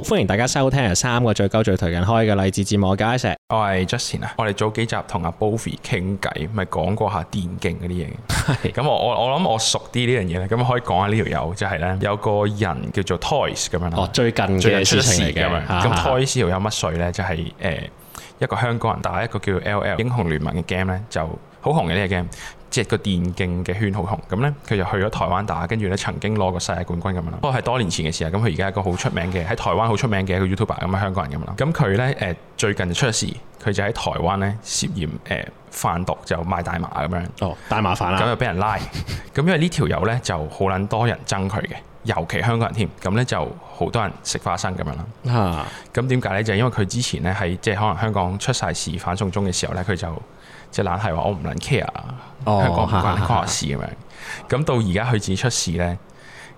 歡迎大家收聽三個最高最最近開嘅勵志節目，交一石。我係 Justin 啊，我哋早幾集同阿 Bofi 傾偈，咪講過下電競嗰啲嘢。咁我我我諗我熟啲呢樣嘢咧，咁可以講下呢條友，就係呢有個人叫做 Toys 咁樣啦。哦，最近嘅事情最近出事嘅。咁 Toys 條友有乜水呢？就係誒一個香港人打一個叫做 L.L. 英雄聯盟嘅 game 呢，就好紅嘅呢個 game。即係個電競嘅圈好紅，咁呢，佢就去咗台灣打，跟住咧曾經攞過世界冠軍咁樣啦。不過係多年前嘅事啊，咁佢而家一個好出名嘅喺台灣好出名嘅一個 YouTuber 咁嘅香港人咁啦。咁佢呢，誒、呃、最近出事，佢就喺台灣咧涉嫌誒、呃、販毒就賣大麻咁樣。哦，大麻犯啦，咁又俾人拉。咁因為呢條友呢，就好撚多人憎佢嘅，尤其香港人添。咁 呢，就好多人食花生咁樣啦。咁點解呢？就因為佢之前呢，喺即係可能香港出曬事反送中嘅時候呢，佢就即係冷係話，我唔能 care，香港唔關我事咁樣。咁到而家佢自己出事咧，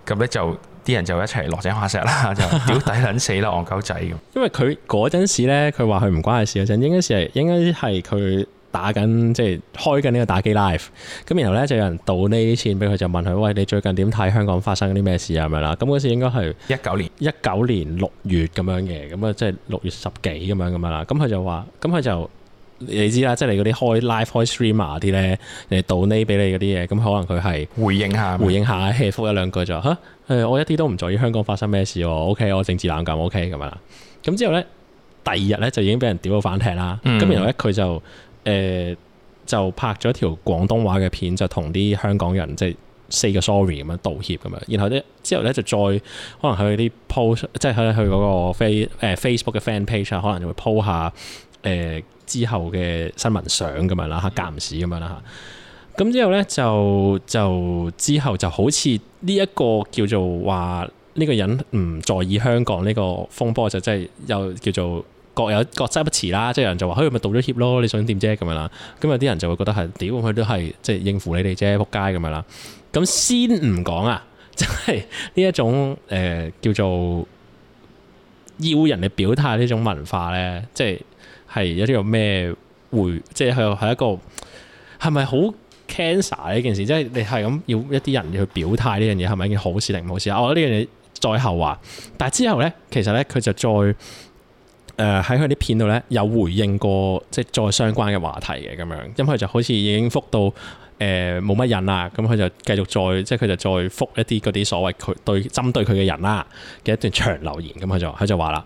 咁咧就啲人就一齊落井下石啦，就屌底撚死啦，戇狗仔咁。因為佢嗰陣時咧，佢話佢唔關事嗰陣，應該是係應該係佢打緊即係開緊呢個打機 live。咁然後咧就有人倒呢啲錢俾佢，就問佢：喂，你最近點睇香港發生啲咩事啊？咁樣啦。咁嗰時應該係一九年，一九年六月咁樣嘅，咁啊即係六月十幾咁樣咁樣啦。咁佢就話，咁佢就。你知啦，即係你嗰啲開 live 開 stream 啊啲咧，誒 donate 俾你嗰啲嘢，咁可能佢係回應，下，回應下，回下，回應下 hea 覆一兩句就嚇，誒、呃、我一啲都唔在意香港發生咩事喎，OK，我政治冷感，OK，咁樣啦。咁之後咧，第二日咧就已經俾人屌到反艇啦。咁、嗯、然後咧佢就誒、呃、就拍咗條廣東話嘅片，就同啲香港人即係 say 個 sorry 咁樣道歉咁樣。然後咧之後咧就再可能去啲 post，即係去佢嗰個 face 誒 Facebook 嘅 fan page 啊，可能, post, page, 可能就會 po 下誒。呃之後嘅新聞相咁樣啦嚇，隔唔時咁樣啦嚇。咁之後咧就就之後就好似呢一個叫做話呢個人唔在意香港呢個風波，就真係又叫做各有各執不辭啦。即係有人就話，佢咪道咗歉咯，你想點啫？咁樣啦。咁有啲人就會覺得係屌佢都係即係應付你哋啫，仆街咁樣啦。咁先唔講啊，即係呢一種誒、呃、叫做要人哋表態呢種文化咧，即係。係有啲有咩回，即係佢係一個係咪好 cancer 呢件事？即係你係咁要一啲人去表態呢樣嘢，係咪一件好事定唔好事啊？我覺得呢樣嘢再後話，但係之後咧，其實咧佢就再誒喺佢啲片度咧有回應過，即係再相關嘅話題嘅咁樣，因、嗯、佢就好似已經覆到誒冇乜人啦，咁、嗯、佢就繼續再即係佢就再覆一啲嗰啲所謂佢對，對針對佢嘅人啦嘅一段長留言咁佢、嗯、就佢就話啦。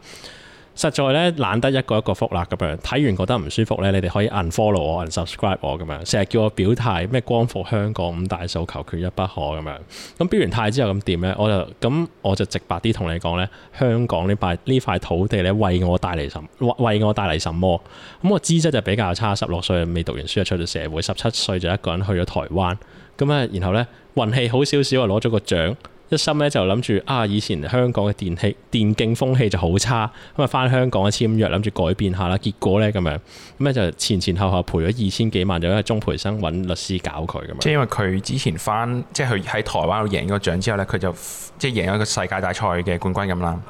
實在咧懶得一個一個覆喇咁樣，睇完覺得唔舒服咧，你哋可以 unfollow 我，unsubscribe 我咁樣，成日叫我表態咩光復香港五大訴求缺一不可咁樣。咁表完態之後咁點咧？我就咁我就直白啲同你講咧，香港呢塊呢塊土地咧，為我帶嚟乜為我帶嚟乜嘢？咁我資質就比較差，十六歲未讀完書就出咗社會，十七歲就一個人去咗台灣。咁啊，然後咧運氣好少少啊，攞咗個獎。一心咧就諗住啊，以前香港嘅電器電競風氣就好差，咁啊翻香港嘅簽約，諗住改變下啦。結果咧咁樣，咁咧就前前後後賠咗二千幾萬，就因為鍾培生揾律師搞佢咁樣。即係因為佢之前翻，即係佢喺台灣度贏咗獎之後咧，佢就即係贏咗個世界大賽嘅冠軍咁啦。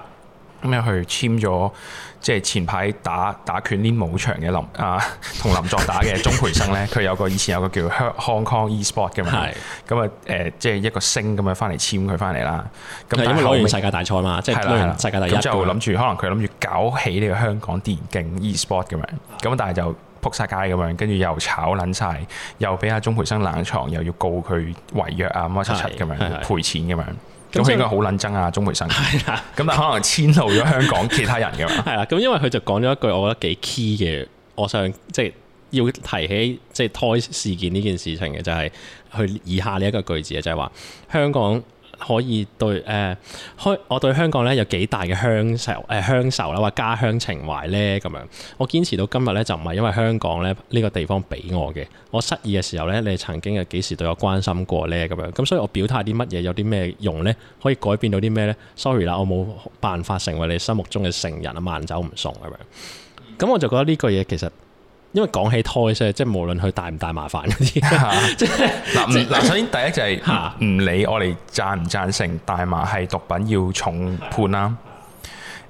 咁又去簽咗，即係前排打打拳練武場嘅林啊，同林作打嘅鍾培生咧，佢 有個以前有個叫 Hong Kong Esport 嘅嘛，咁啊誒，即係一個星咁樣翻嚟簽佢翻嚟啦。咁的但係可以世界大賽嘛，即、就、係、是、世界第一。咁之後諗住可能佢諗住搞起呢個香港電競 Esport 咁樣，咁但係就仆晒街咁樣，跟住又炒撚晒，又俾阿鍾培生冷藏，又要告佢違約啊，咁一七咁樣賠錢咁樣。咁佢應該好撚憎啊，鍾培生。係啦的，咁但可能遷怒咗香港其他人㗎嘛。係啦， 咁因為佢就講咗一句我覺得幾 key 嘅，我想即係、就是、要提起即係 Toyz 事件呢件事情嘅，就係、是、去以下呢一個句子啊，就係、是、話香港。可以對誒，香、呃、我對香港咧有幾大嘅鄉愁誒鄉愁啦，或、呃、家鄉情懷呢。咁樣。我堅持到今日咧，就唔係因為香港咧呢個地方俾我嘅。我失意嘅時候咧，你曾經係幾時對我關心過呢？咁樣。咁所以我表態啲乜嘢，有啲咩用呢？可以改變到啲咩呢？Sorry 啦，Sorry, 我冇辦法成為你心目中嘅成人啊，慢走唔送咁樣。咁我就覺得呢個嘢其實。因為講起胎，即係無論佢大唔大麻煩嗰啲即係嗱，嗱，首先第一就係唔 理我哋贊唔贊成大麻係毒品要重判啦，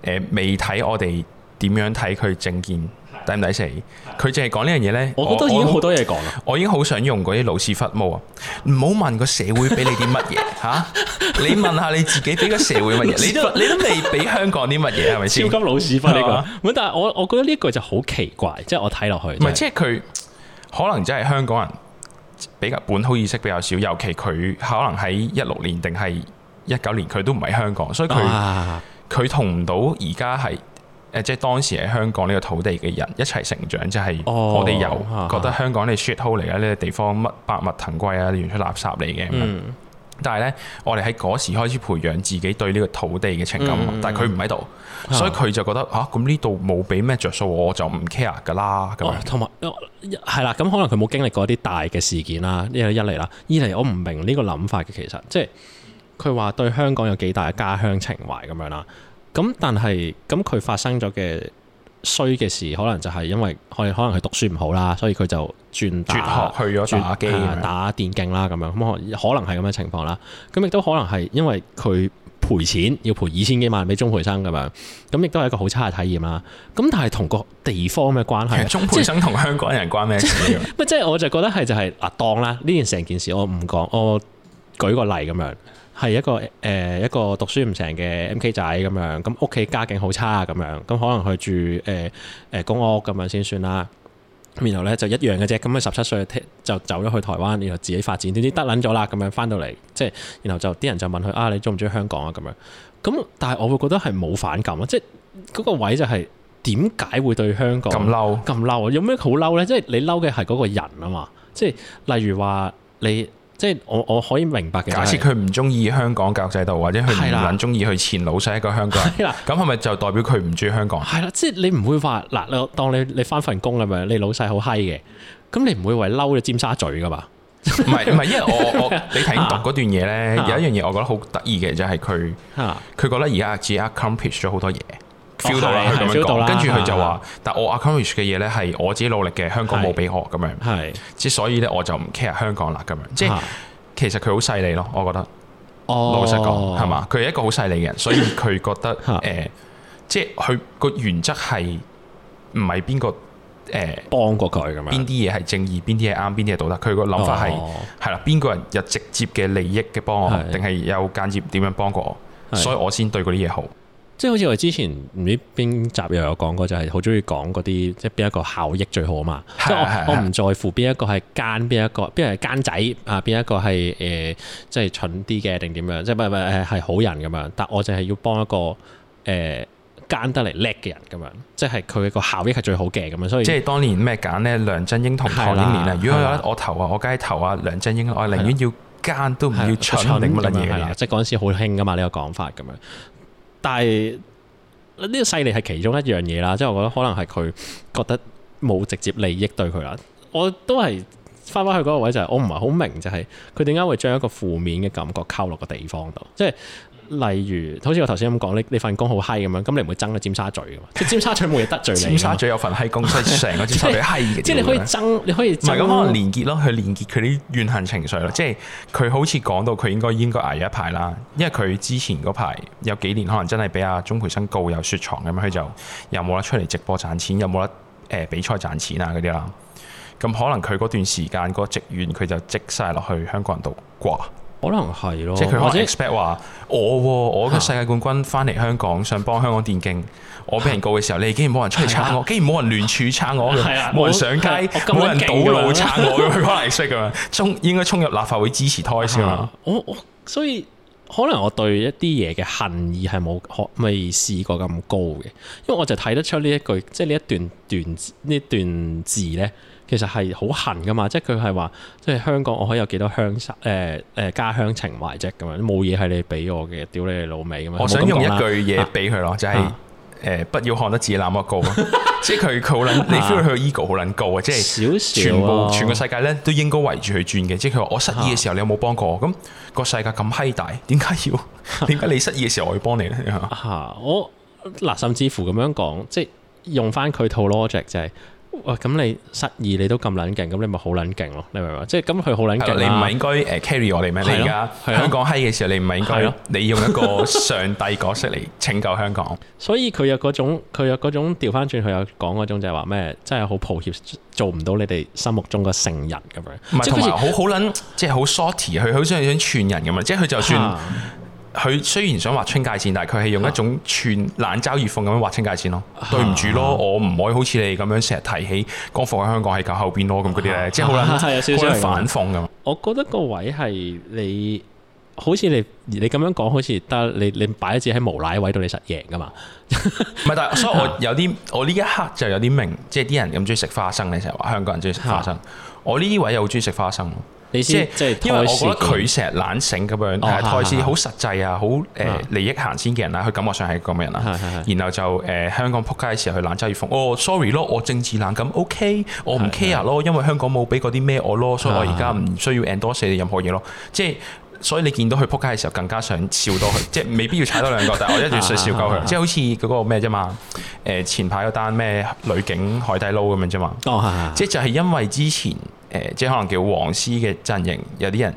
誒、呃，未睇我哋點樣睇佢政見。抵唔抵死？佢淨係講呢樣嘢呢？我覺得已經好多嘢講啦，我已經好想用嗰啲老屎忽毛啊！唔好問個社會俾你啲乜嘢吓，你問下你自己俾個社會乜嘢？ 你都 你都未俾香港啲乜嘢係咪先？是是超級老屎忽啊！咁吧但係我我覺得呢句就好奇怪，就是就是、即係我睇落去，唔係即係佢可能真係香港人比較本土意識比較少，尤其佢可能喺一六年定係一九年，佢都唔係香港，所以佢佢 同唔到而家係。誒，即係當時喺香港呢個土地嘅人一齊成長，哦、即係我哋有覺得香港呢 shit hole 嚟嘅呢個地方，乜百物騰貴啊，亂出垃圾嚟嘅。嗯、但係呢，我哋喺嗰時開始培養自己對呢個土地嘅情感，嗯、但係佢唔喺度，嗯、所以佢就覺得嚇，咁呢度冇俾咩著數，我就唔 care 㗎啦。咁樣同埋，係啦，咁、嗯、可能佢冇經歷過啲大嘅事件啦。呢一嚟啦，二嚟我唔明呢個諗法嘅，其實即係佢話對香港有幾大嘅家鄉情懷咁樣啦。咁但係咁佢發生咗嘅衰嘅事，可能就係因為可能可能佢讀書唔好啦，所以佢就轉打學去咗打機、打電競啦咁樣，咁可能係咁嘅情況啦。咁亦都可能係因為佢賠錢要賠二千幾萬俾鍾培生咁樣，咁亦都係一個好差嘅體驗啦。咁但係同個地方嘅關係，鍾培生同香港人、就是、關咩事？即係我就覺得係就係、是、嗱，當啦呢件成件事我唔講，我唔講，我舉個例咁樣。係一個誒、呃、一個讀書唔成嘅 M K 仔咁樣，咁屋企家境好差啊咁樣，咁可能去住誒誒、呃呃、公屋咁樣先算啦。然後咧就一樣嘅啫，咁佢十七歲就走咗去台灣，然後自己發展，點知得捻咗啦咁樣翻到嚟，即係然後就啲人就問佢啊，你中唔中意香港啊咁樣？咁但係我會覺得係冇反感啊，即係嗰、嗰個位就係點解會對香港咁嬲咁嬲啊？有咩好嬲咧？即係你嬲嘅係嗰個人啊嘛，即係例如話你。即係我我可以明白嘅、就係。假設佢唔中意香港教育制度，或者佢唔揾中意佢前老細一個香港人，咁係咪就代表佢唔中意香港？係啦，即係你唔會話嗱，你當你你翻份工咁樣，你老細好嗨嘅，咁你唔會為嬲咗尖沙咀噶嘛？唔係唔係，因為我我你睇唔到嗰段嘢咧， 啊、有一樣嘢我覺得好得意嘅就係、係、佢，佢、啊、覺得而家自己 accomplish 咗好多嘢。feel 到啦 feel 到啦。跟住佢就話，但我 achieve 嘅嘢咧係我自己努力嘅，香港冇俾我咁樣。係，之所以咧我就唔 care 香港啦咁樣。即係其實佢好犀利咯，我覺得。哦。老實講係嘛？佢係一個好犀利嘅人，所以佢覺得誒，即係佢個原則係唔係邊個誒幫過佢咁樣？邊啲嘢係正義，邊啲嘢啱，邊啲嘢道德？佢個諗法係係啦，邊個人有直接嘅利益嘅幫我，定係有間接點樣幫過我，所以我先對嗰啲嘢好。即係好似我之前唔知邊集又有講過，就係好中意講嗰啲即係邊一個效益最好啊嘛是的、呃！即係我唔在乎邊一個係奸，邊一個邊係奸仔啊？邊一個係誒即係蠢啲嘅定點樣？即係唔係唔係好人咁樣？但我就係要幫一個誒、呃、奸得嚟叻嘅人咁樣，即係佢個效益係最好嘅咁樣。所以即係當年咩揀咧？梁振英同唐英年啊！的如果我投啊，我梗係投啊梁振英，的我寧願要奸都唔要蠢咁樣係啦！即係嗰陣時好興噶嘛呢個講法咁樣。但係呢個勢力係其中一樣嘢啦，即係我覺得可能係佢覺得冇直接利益對佢啦。我都係翻翻去嗰個位就係，我唔係好明就係佢點解會將一個負面嘅感覺溝落個地方度，即係。例如，好似我頭先咁講，你你份工好嗨咁樣，咁你唔會爭個尖沙咀嘅嘛？即尖沙咀冇嘢得罪你， 尖沙咀有份嗨工，所以成個尖沙咀嗨嘅。 即係你可以爭，你可以唔係咁可能連結咯，去連結佢啲怨恨情緒咯。即係佢好似講到佢應該應該捱一排啦，因為佢之前嗰排有幾年可能真係俾阿鐘培生告有雪藏咁樣，佢就又冇得出嚟直播賺錢，又冇得誒比賽賺錢啊嗰啲啦。咁可能佢嗰段時間，個積怨，佢就積晒落去香港人度掛。可能係咯，即係佢可能 expect 話者我，我嘅世界冠軍翻嚟香港，想幫香港電競，啊、我俾人告嘅時候，你然、啊、竟然冇人出嚟撐我，竟然冇人聯署撐我，冇人上街，冇、啊、人堵、啊、路撐我，佢可能識咁樣衝，應該衝入立法會支持胎先嘛、啊。我我所以可能我對一啲嘢嘅恨意係冇可未試過咁高嘅，因為我就睇得出呢一句，即係呢一段段呢段字咧。其實係好恨噶嘛，即係佢係話，即係香港我可以有幾多鄉愁？誒誒，家鄉情懷啫咁樣，冇嘢係你俾我嘅，屌你老味咁樣。我想用一句嘢俾佢咯，就係誒不要看得自己那麼高， 即係佢好撚，你 feel 佢 ego 好撚高啊！即係全部全個世界咧都應該圍住佢轉嘅。即係佢話我失意嘅時候、啊、你有冇幫過我？咁、個世界咁閪大，點解要？點解你失意嘅時候我要幫你咧、啊？我嗱，甚至乎咁樣講，即係用翻佢套 logic 就係、是。喂，咁、嗯、你失意你都咁捻勁，咁你咪好捻勁咯？你明唔明？即係咁佢好捻勁你唔係應該誒 carry、啊、我哋咩？你而家香港閪嘅的時候，你唔係應該你用一個上帝角色嚟拯救香港？ 所以佢有嗰種，佢有嗰種掉返轉，佢有講嗰種就係話咩？真係好抱歉，做唔到你哋心目中嘅聖人咁樣。唔係同埋好好捻，即係好 sorty 佢好想想串人咁啊！即係佢就算。嗯佢雖然想劃清界線，但係佢係用一種串冷嘲熱諷咁樣劃清界線咯。啊、對唔住咯，我唔可以好似你咁樣成日提起光復喺香港喺靠後邊咯咁嗰啲咧。啊、即係好啦，有少少反諷咁、啊。我覺得個位係你，好似你你咁樣講，好似得你你擺一隻喺無賴位度，你實贏噶嘛？唔 係，但係所以我有啲我呢一刻就有啲明，即係啲人咁中意食花生，你成日話香港人中意食花生，啊、我呢位又好中意食花生。即係，因為我覺得佢成日懶醒咁樣，但係台詞好實際啊，好誒利益行先嘅人啦，佢感覺上係個咩人啊？然後就誒香港撲街嘅時候，佢懶周以峯哦，sorry 咯，我政治冷咁 OK，我唔 care 咯，因為香港冇俾嗰啲咩我咯，所以我而家唔需要 endorse 你任何嘢咯。即係所以你見到佢撲街嘅時候，更加想笑多佢，即係未必要踩多兩個，但係我一定要想笑夠佢。即係好似嗰個咩啫嘛？誒前排嗰單咩女警海底撈咁樣啫嘛？即係就係因為之前。誒，即係可能叫黃絲嘅陣營，有啲人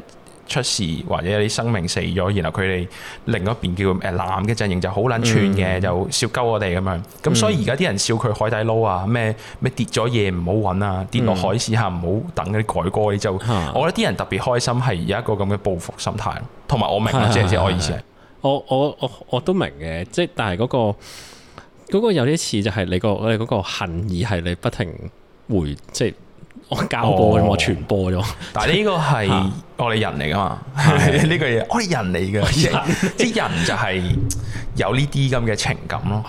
出事或者有啲生命死咗，然後佢哋另一邊叫誒藍嘅陣營就好撚串嘅，mm. 就笑鳩我哋咁樣。咁所以而家啲人笑佢海底撈啊，咩咩跌咗嘢唔好揾啊，跌落海市下唔好等嗰啲改歌，就、嗯、我覺得啲人特別開心，係有一個咁嘅報復心態，同埋我明啊，即係我意思。我我我我都明嘅，即係但係嗰個嗰個有啲似就係你個你嗰個恨意係你不停回即係。就係我教播添，哦、播我傳播咗。但係呢個係我哋人嚟噶嘛，呢個嘢我哋人嚟嘅，啲人就係有呢啲咁嘅情感咯，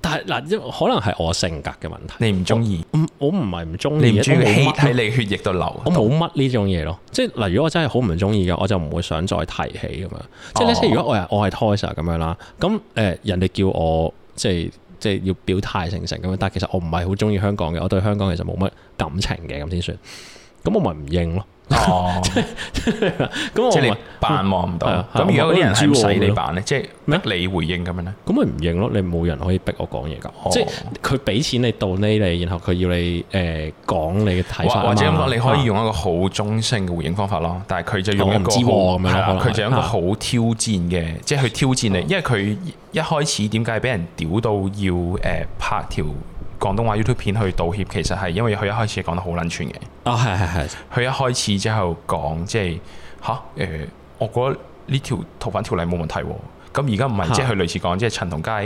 但係嗱，可能係我性格嘅問題，你唔中意。我唔係唔中意，你唔中意 heat 喺你血液度流，我冇乜呢種嘢咯。即係嗱，如果我真係好唔中意嘅，我就唔會想再提起咁、哦、樣。即係，即係如果我係我係 taser 咁樣啦，咁誒，人哋叫我即係。即係要表態成成咁樣，但係其實我唔係好中意香港嘅，我對香港其實冇乜感情嘅，咁先算。咁我咪唔認咯。哦，即係咁我扮望唔到，咁而家嗰啲人係唔使你扮，咧，即係乜你回應咁樣咧？咁咪唔認咯，你冇人可以逼我講嘢噶，即係佢俾錢你到呢你，然後佢要你誒講你嘅睇法，或者咁咯，你可以用一個好中性嘅回應方法咯，但係佢就用一個咁樣，佢就一個好挑戰嘅，即係去挑戰你，因為佢一開始點解係俾人屌到要誒拍條？廣東話 YouTube 片去道歉，其實係因為佢一開始講得好撚串嘅。啊，係係係。佢一開始之後講，即係嚇誒，我覺得呢條逃犯條例冇問題。咁而家唔係即係佢類似講，即係陳同佳，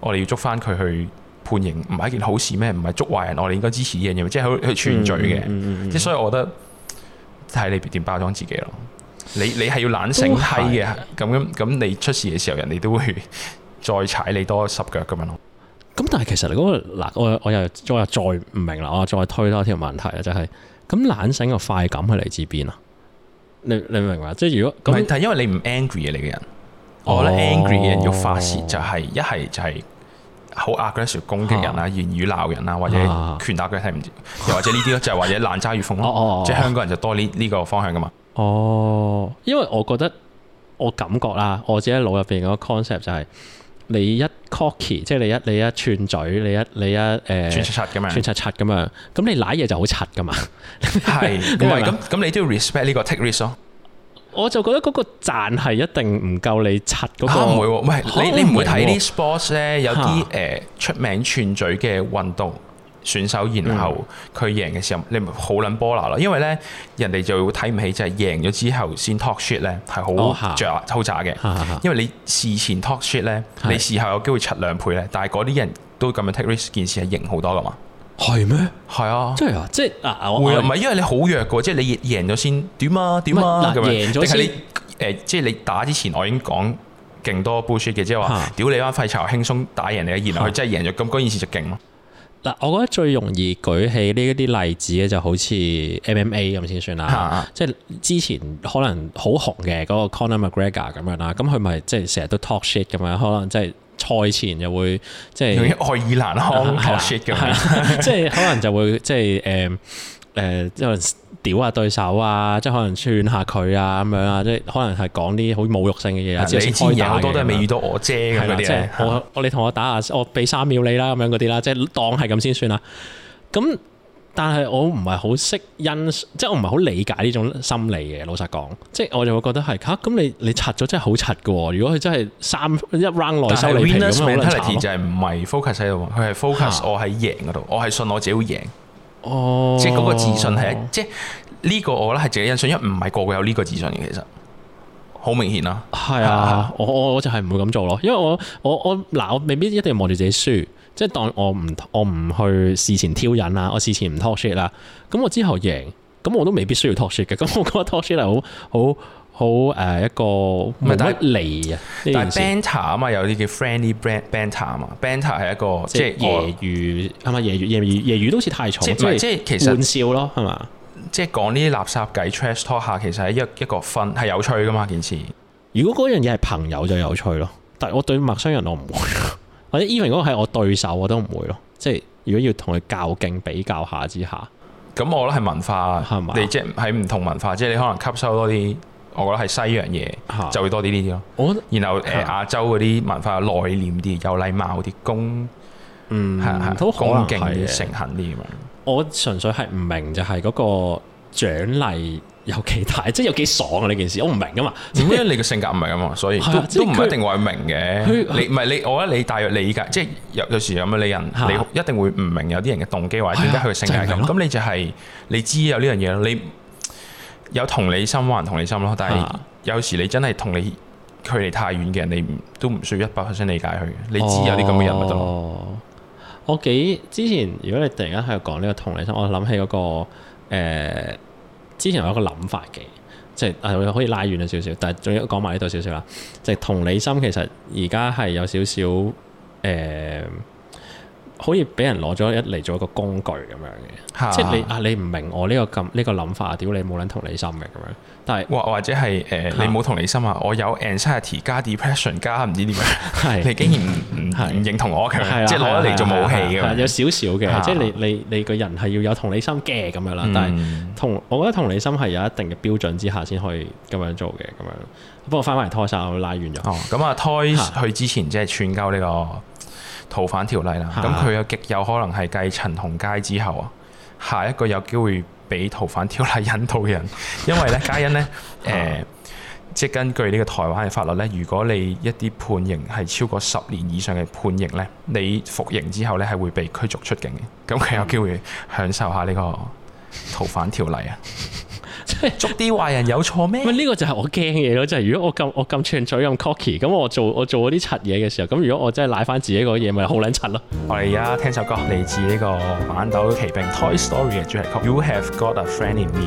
我哋要捉翻佢去判刑，唔係一件好事咩？唔係捉壞人，我哋應該支持呢樣嘢，即係佢佢串嘴嘅。即係、嗯嗯、所以我覺得睇你點包裝自己咯。你你係要懶醒閪嘅，咁咁咁，你出事嘅時候，人哋都會再踩你多十腳咁樣咯。咁但係其實你、那、嗰個嗱，我我又再我又再唔明啦，我再推多一條問題啊，就係、是、咁懶醒個快感係嚟自邊啊？你你明唔明白？即係如果咁，但係因為你唔 angry 嘅你嘅人，哦、我覺得 angry 嘅人、哦、要發泄就係一係就係好 aggressive 攻擊人啦，言語鬧人啦，或者拳打腳踢唔止，啊、又或者呢啲咯，就係 或者濫渣越風咯，哦哦、即係香港人就多呢呢個方向噶嘛。哦，因為我覺得我感覺啦，我自己腦入邊個 concept 就係、是。你一 cocky，即係你一你一串嘴，你一你一誒串出柒咁樣，串出柒咁樣，咁你舐嘢就好柒噶嘛，係，因為咁咁你都要 respect 呢個 take risk 咯。我就覺得嗰個讚係一定唔夠你柒嗰個。唔會喎，唔係，你你唔會睇啲 sports 咧，有啲誒出名串嘴嘅運動。選手，然後佢贏嘅時候，你咪好撚波拿咯。因為咧，人哋就會睇唔起，就係贏咗之後先 talk shit 咧，係好著好渣嘅。is. 因為你事前 talk shit 咧是，你事後有機會出兩倍咧。但係嗰啲人都咁樣 take risk，件事係贏好多㗎嘛。係咩嗎？係啊。即係啊！即係嗱，我唔係因為你好弱嘅，即係你贏咗先點啊點啊咁樣。贏咗先誒，即係你打之前我已經講勁多 bullshit 嘅，即係話屌你班廢柴，輕鬆打贏你，然後佢真係贏咗，咁嗰件事就勁咯。嗱，我覺得最容易舉起呢一啲例子嘅，就好似 MMA 咁先算啦。啊、即係之前可能好紅嘅嗰、嗰個 Conor McGregor 咁樣啦，咁佢咪即係成日都 talk shit 咁樣，可能即係賽前就會即係用啲愛爾蘭腔 talk、啊、talk shit 咁樣，啊、 即係可能就會即係誒誒，即係。呃呃即屌下對手啊，即係可能串下佢啊，咁樣啊，即係可能係講啲好侮辱性嘅嘢啊，即係、嗯、開好多都係未遇到我遮嘅嗰啲啊，即係我你同我打下，我俾三秒你啦，咁樣嗰啲啦，即係當係咁先算啦。咁但係我唔係好識欣，即係我唔係好理解呢種心理嘅。老實講，即係我就會覺得係，嚇、啊、咁你你柒咗真係好柒嘅喎。如果佢真係三一 round 內收你皮咁樣好慘。Winners mentality 就係唔係 focus 喺度，佢係 focus 我喺贏嗰度、啊，我係信我自己會贏。啊啊哦即，即係嗰個自信係，即係呢個我覺得係自己欣賞，因為唔係個個有呢個自信嘅，其實好明顯啦、啊。係啊，我我，我就係唔會咁做咯，因為我我我嗱，我未必一定要望住自己輸，即係當我唔我唔去事前挑釁啦，我事前唔 talk shit 啦，咁我之後贏，咁我都未必需要 talk shit 嘅，咁我覺得 talk shit 係好好。好誒、呃，一個唔係得嚟啊？但，是但 banter 啊嘛，有啲叫 friendly banter 啊嘛，banter 係一個即係夜魚，係咪我？夜魚夜魚夜魚，魚都似太重，即係是即係其實玩笑咯，係嘛？即係講呢啲垃圾偈 trash talk 下，其實係一個一個分係有趣噶嘛件事。如果嗰樣嘢係朋友就有趣咯，但係我對陌生人我唔會， 或者 even 嗰個係我對手我都唔會咯。即係如果要同佢較勁比較下之下，咁我覺得係文化係嘛？吧你即係喺唔同文化，即係你可能吸收多啲。我覺得係西洋嘢就會多啲呢啲咯。我然後誒亞洲嗰啲文化內斂啲，有禮貌啲，公嗯係係都好勁啲，誠懇啲嘛。我純粹係唔明就係嗰個獎勵有幾大，即係有幾爽啊！呢件事我唔明噶嘛，點解你嘅性格唔係咁啊？所以都都唔一定會明嘅。你唔係你，我覺得你大約理解，即係有有時有咩人，你一定會唔明有啲人嘅動機或者點解佢性格咁。咁你就係你知有呢樣嘢咯，你。有同理心還同理心咯，但係有時你真係同你距離太遠嘅人，你都唔需要一百 percent 理解佢。你知有啲咁嘅人咪得咯。我幾之前，如果你突然間喺度講呢個同理心，我諗起嗰、嗰個、呃、之前有一個諗法嘅，即係誒可以拉遠咗少少，但係仲要講埋呢度少少啦。即、就、係、係、同理心其實而家係有少少誒。呃可以好似俾人攞咗一嚟做一個工具咁樣嘅，即係你啊，你唔明我呢個咁呢個諗法，屌你冇撚同理心嘅咁樣。但係或或者係誒，你冇同理心啊？我有 anxiety 加 depression 加唔知點樣，係你竟然唔唔認同我嘅，即係攞一嚟做武器嘅。係有少少嘅，即係你你你個人係要有同理心嘅咁樣啦。但係同我覺得同理心係有一定嘅標準之下先可以咁樣做嘅咁樣。不過翻翻嚟拖手拉完咗。哦，咁啊，Toy 去之前即係串交呢個。逃犯條例啦，咁佢，啊，有極有可能係繼陳同佳之後啊，下一個有機會俾逃犯條例引渡嘅人， 因為咧皆因呢，誒、啊呃，即根據呢個台灣嘅法律咧，如果你一啲判刑係超過十年以上嘅判刑咧，你服刑之後咧係會被驅逐出境嘅，咁佢有機會享受下呢個逃犯條例啊。嗯 捉啲壞人有錯咩？喂，呢個就係我驚嘅嘢咯，即係如果我咁我咁串嘴咁 cocky，咁我做我做嗰啲柒嘢嘅時候，咁如果我真係賴翻自己嗰啲嘢，咪好撚柒咯！ 我哋而家聽首歌嚟自呢個《反斗奇兵》（Toy Story） 嘅主題曲，《You Have Got A Friend In Me》。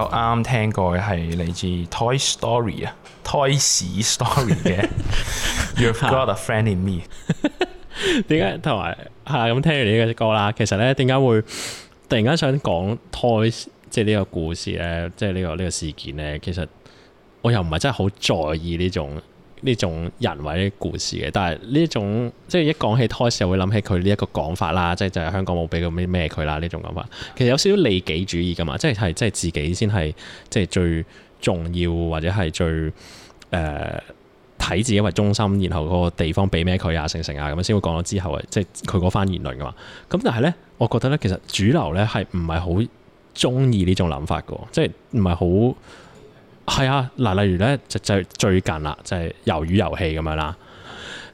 我啱啱聽過嘅係嚟自《Toy Story》啊， 《Toy Story》嘅。You've got a friend in me。點解同埋係咁聽完呢個歌啦？其實咧，點解會突然間想講 Toy 即係呢個故事咧？即係呢個呢、呢個事件咧？其實我又唔係真係好在意呢種。呢種人或者故事嘅，但係呢一種即係一講起 Taylor 會諗起佢呢一個講法啦，即係就係香港冇俾過咩咩佢啦呢種講法。其實有少少利己主義噶嘛，即係係即係自己先係即係最重要或者係最誒睇，呃、自己為中心，然後嗰個地方俾咩佢啊，成成啊咁樣先會講咗之後嘅即係佢嗰番言論噶嘛。咁但係咧，我覺得咧，其實主流咧係唔係好中意呢是是種諗法㗎，即係唔係好。係啊，嗱，例如咧，就就最近啦，就係《魷魚遊戲》咁樣啦。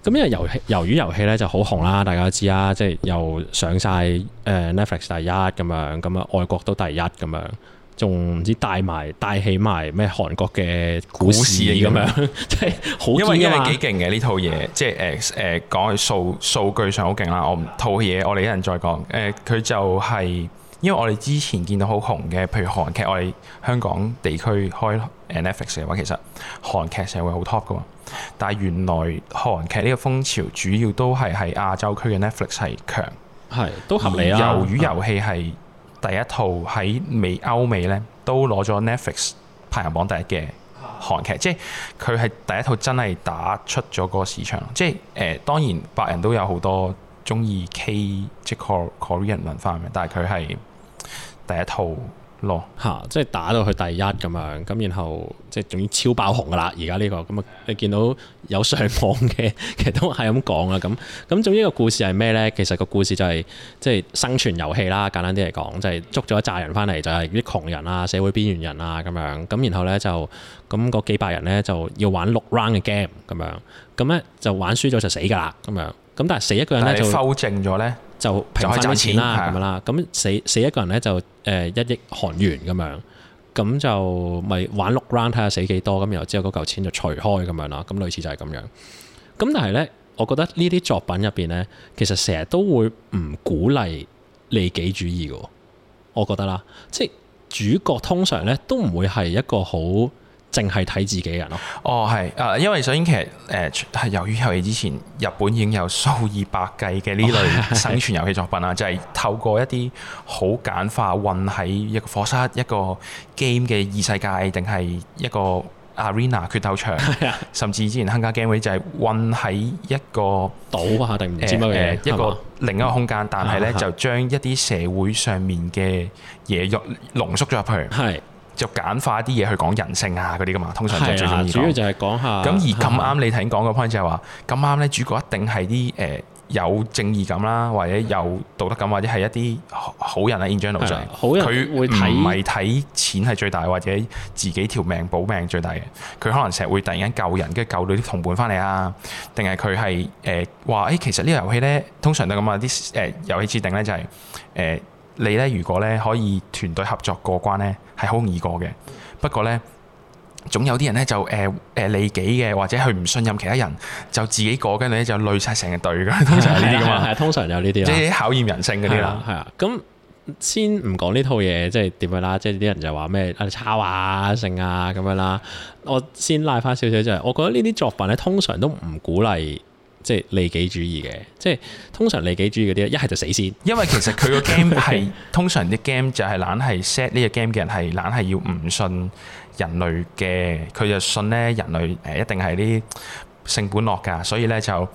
咁因為《遊戲魷魚遊戲》咧就好紅啦，大家都知啊，即係又上晒誒 Netflix 第一咁樣，咁啊外國都第一咁樣，仲唔知帶埋帶起埋咩韓國嘅股市咁樣，即係好。因為因為幾勁嘅呢套嘢，即係誒誒講去數數據上好勁啦。我唔套嘢我哋一陣再講，誒佢就係、是。因為我哋之前見到好紅嘅，譬如韓劇，我哋香港地區開 Netflix 嘅話，其實韓劇社會好 top 㗎嘛。但係原來韓劇呢個風潮主要都係喺亞洲區嘅 Netflix 係強，係都合理啊。而《魷魚遊戲》係第一套喺美歐美咧都攞咗 Netflix 排行榜第一嘅韓劇，即係佢係第一套真係打出咗嗰個市場。即係誒、呃，當然白人都有好多中意 K 即係 Korean 文化嘅，但係佢係。第一套咯吓、啊，即係打到去第一咁樣，咁然後即係總之超爆紅噶啦！而家呢個咁啊，你見到有上網嘅，其實都係咁講啊！咁咁，總之個故事係咩呢？其實個故事就係、是、即係生存遊戲啦，簡單啲嚟講，就係、是、捉咗一紮人翻嚟，就係啲窮人啊、社會邊緣人啊咁樣。咁然後呢，就咁，嗰幾百人呢，就要玩六 round 嘅 game 咁樣。咁咧就玩輸咗就死噶啦，咁樣。咁但係死一個人呢，就修正咗呢。就再、啊、賺錢啦咁樣啦，咁是、啊、死死一個人咧就誒一、呃、億韓元咁樣，咁就咪玩六 round 睇下死幾多，咁然後之後嗰嚿錢就除開咁樣啦，咁類似就係咁樣。咁但係咧，我覺得呢啲作品入邊咧，其實成日都會唔鼓勵利己主義嘅，我覺得啦，即係主角通常咧都唔會係一個好。淨係睇自己人咯。哦，係，誒，因為首先其實誒係、呃、由於遊戲之前日本已經有數以百計嘅呢類生存遊戲作品啊，哦、就係透過一啲好簡化混喺一個火山、一個 game 嘅異世界，定係一個 Arena 決鬥場，的甚至之前《Hunger Game》就係混喺一個島啊，定唔知乜嘅、呃、一個吧另一個空間，但係呢，的就將一啲社會上面嘅嘢入濃縮咗入去，係的。就簡化啲嘢去講人性啊嗰啲噶嘛，通常就係最中意、啊、主要就係講下。咁而咁啱你頭先講個 point 就係話，咁啱咧主角一定係啲誒有正義感啦，或者有道德感，或者係一啲好人喺 in jungle 上。好人佢唔係睇錢係最大，或者自己條命保命最大嘅。佢可能成日會突然間救人，跟住救到啲同伴翻嚟啊。定係佢係誒話誒，其實呢個遊戲咧，通常都咁啊啲誒遊戲設定咧就係、是、誒、呃、你咧，如果咧可以團隊合作過關咧。係好容易過嘅，不過咧，總有啲人咧就誒誒利己嘅，或者佢唔信任其他人，就自己過跟住咧就累晒成日隊嘅，通常呢啲 啊，係啊，通常有呢啲啦，即係考驗人性嗰啲啦，係啊。咁先唔講呢套嘢，即係點樣啦？即係啲人就話咩啊抄啊剩啊咁樣啦。我先拉翻少少就係，我覺得呢啲作品咧通常都唔鼓勵。即係利己主義嘅，即係通常利己主義嗰啲，一係就死先。因為其實佢個 game 係通常啲 game 就係懶係 set 呢個 game 嘅人係懶係要唔信人類嘅，佢就信咧人類誒一定係啲性本惡噶，所以咧就。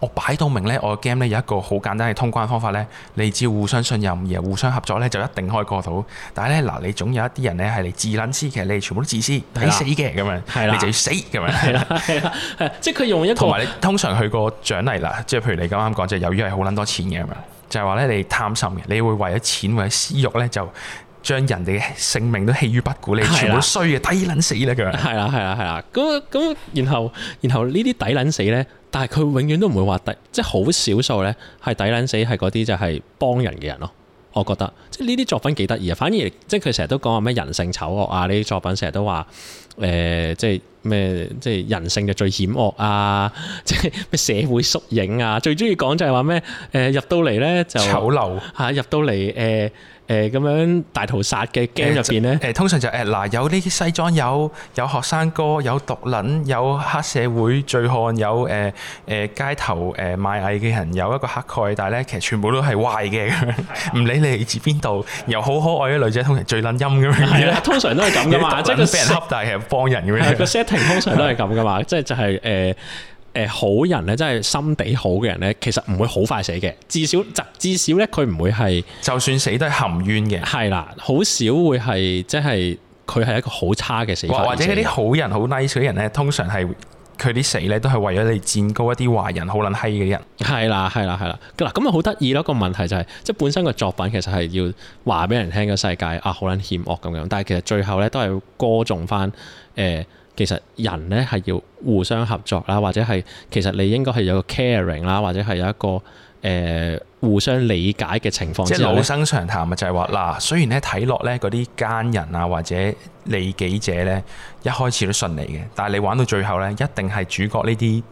我擺到明咧，我嘅 game 咧有一個好簡單嘅通關方法咧，你只要互相信任而互相合作咧，就一定可以過到。但係咧嗱，你總有一啲人咧係你自私，其實你全部都自私，抵死嘅咁樣，你就要死咁樣。係啦係即係佢用一個。同埋你通常去個獎勵啦，即係譬如你啱啱講，就由於係好撚多錢嘅咁樣，就係話咧你貪心嘅，你會為咗錢或者私欲咧，就將人哋嘅性命都棄於不顧，你全部衰嘅，抵撚死啦咁樣。係啦係啦係啦，咁咁，然後然後呢啲抵撚死咧。但係佢永遠都唔會話抵，即係好少數咧，係抵撚死係嗰啲就係幫人嘅人咯。我覺得即係呢啲作品幾得意啊。反而即係佢成日都講話咩人性醜惡啊，呢啲作品成日都話誒、呃，即係咩即係人性嘅最險惡啊，即係咩社會縮影啊，最中意講就係話咩誒入到嚟咧就醜陋嚇、啊、入到嚟誒。呃誒，咁樣大屠殺嘅 game 入邊咧，誒，通常就誒，嗱，有呢啲西裝有，有學生哥，有毒撚，有黑社會醉漢，有誒誒，街頭誒賣藝嘅人，有一個黑蓋，但係咧，其實全部都係壞嘅，唔理你嚟自邊度，又好可愛嘅女仔，通常最撚陰咁樣。係啦，通常都係咁噶嘛，即係俾人恰。但係係幫人咁樣。個 setting 通常都係咁噶嘛，即係就係誒。誒、呃、好人咧，真係心地好嘅人咧，其實唔會好快死嘅，至少就至少咧，佢唔會係就算死都係含冤嘅。係啦，好少會係即係佢係一個好差嘅死法死或。或或者啲好人好 nice 嘅人咧，通常係佢啲死咧都係為咗你踐高一啲壞人好撚閪嘅人。係啦，係啦，係啦。咁啊，好得意咯。個問題就係、是、即係本身個作品其實係要話俾人聽個世界啊，好撚險惡咁樣。但係其實最後咧都係歌頌翻誒。呃呃其實人咧係要互相合作啦，或者係其實你應該係有個 caring 啦，或者係有一個誒、呃、互相理解嘅情況。即係老生常談啊，就係話嗱，雖然咧睇落咧嗰啲奸人啊或者利己者咧，一開始都順利嘅，但係你玩到最後咧，一定係主角呢啲